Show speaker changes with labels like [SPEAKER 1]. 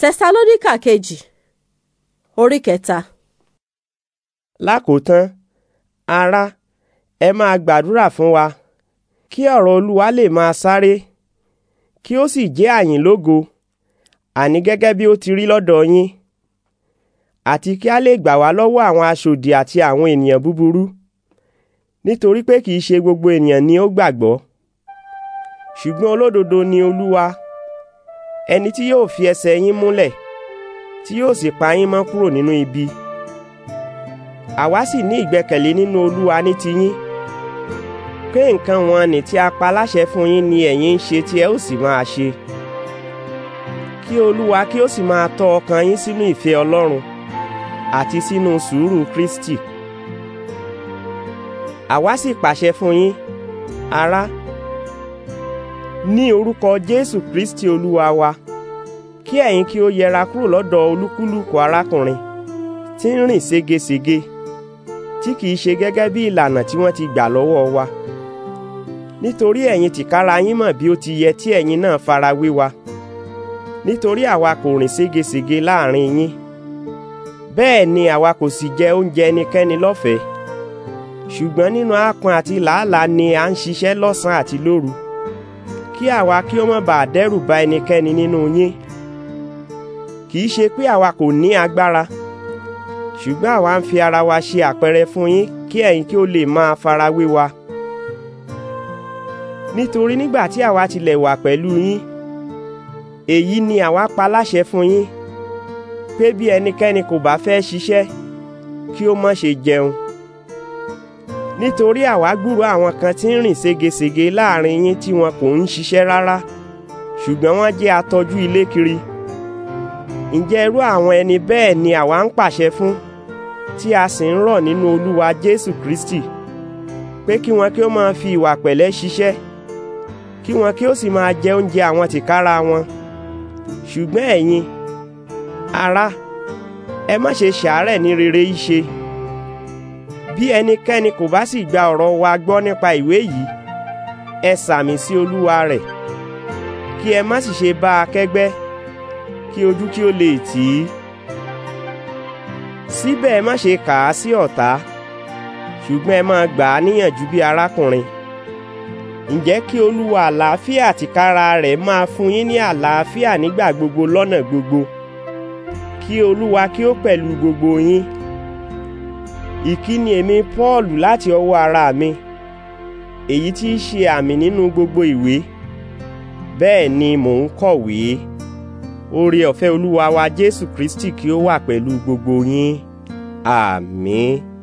[SPEAKER 1] tẹsalóníkà kejì orí kẹta. lákòótán ará ẹ máa gbàdúrà fún wa kí ọ̀rọ̀ olúwa lè máa sáré kí ó sì jẹ́ àyìn lógo àní gẹ́gẹ́ bí ó ti rí lọ́dọ̀ yín àti kí a lè gbà wá lọ́wọ́ àwọn aṣòdì àti àwọn ènìyàn búburú nítorí pé kì í ṣe gbogbo ènìyàn ni ó gbàgbọ́ ṣùgbọ́n olódodo ni olúwa ẹni tí yóò fi ẹsẹ̀ yín múlẹ̀ tí yóò sì pa yín mọ́ kúrò nínú ibi àwa sì ní ìgbẹ́kẹ̀lé nínú olúwa ní tiyín pé nǹkan wọn ni tí a pa láṣẹ fún yín ni ẹ̀yin ń ṣe tí ẹ ó sì máa ṣe kí olúwa kí ó sì máa tọ́ ọkàn yín sínú ìfẹ́ ọlọ́run àti sínú sùúrù kristi àwa sì pàṣẹ fún yín ará ní orúkọ Jésù Kristi Olúwa wa kí ẹ̀yin kí ó yẹra kúrò lọ́dọ̀ olúkúlùkù arákùnrin tí ń rìn ségesège tí kìí ṣe gẹ́gẹ́ bí ìlànà tí wọ́n ti gbà lọ́wọ́ wa nítorí ẹ̀yin tìkára yín mọ̀ bí ó ti yẹ tí ẹ̀yin náà fara wé wa nítorí àwa kò rìn ségesège láàrin yín bẹ́ẹ̀ ni àwa kò sì jẹ oúnjẹ ẹnikẹ́ni lọ́fẹ̀ẹ́ ṣùgbọ́n nínú àpọ́n àti làálàá ni à ń ṣiṣẹ́ lọ́sàn-án àti lóru kí àwa kí ó má bàa dẹ́rù ba ẹnikẹ́ni nínú yín kì í ṣe pé àwa kò ní agbára ṣùgbọ́n àwa ń fi ara wa ṣe àpẹẹrẹ fún yín kí ẹ̀yin kí ó lè máa farawé wa nítorí nígbà tí àwa tilẹ̀ wà pẹ̀lú yín èyí ni àwa pa láṣẹ fún yín pé bí ẹnikẹ́ni kò bá fẹ́ ṣiṣẹ́ kí ó má ṣe jẹun nítorí àwa gbúrò àwọn kan tí ń rìn ségesège láàrin yín tí wọn kò ń ṣiṣẹ́ rárá ṣùgbọ́n wọ́n jẹ́ atọ́jú ilé kiri ǹjẹ́ irú àwọn ẹni bẹ́ẹ̀ ni àwa ń pàṣẹ fún tí a sì ń rọ̀ nínú Olúwa Jésù Kristi pé kí wọn kí ó máa fi ìwà pẹ̀lẹ́ ṣiṣẹ́ kí wọn kí ó sì máa jẹ oúnjẹ àwọn tìkára wọn ṣùgbọ́n ẹ̀yin ará ẹ má ṣe ṣàárẹ̀ ní rere í ṣe bí ẹnikẹ́ni kò bá sì gba ọ̀rọ̀ wa gbọ́ nípa ìwé yìí ẹ sàmì sí olúwa rẹ̀ kí ẹ má sì ṣe bá a kẹ́gbẹ́ kí ojú kí ó lè tì í síbẹ̀ ẹ má ṣe kà á sí ọ̀tá ṣùgbọ́n ẹ máa gbà á níyànjú bí arákùnrin ǹjẹ́ kí olúwa àlàáfíà tìkára rẹ̀ máa fún yín ní àlàáfíà nígbà gbogbo lọ́nà gbogbo kí olúwa kí ó pẹ̀lú gbogbo yín ìkíni èmi Pọ́ọ̀lù láti ọwọ́ ara mi èyí tí í ṣe àmì nínú gbogbo ìwé bẹ́ẹ̀ ni mò ń kọ̀wé oore ọ̀fẹ́ Olúwa wa Jésù Kristi kí ó wà pẹ̀lú gbogbo yín àmín. Ah,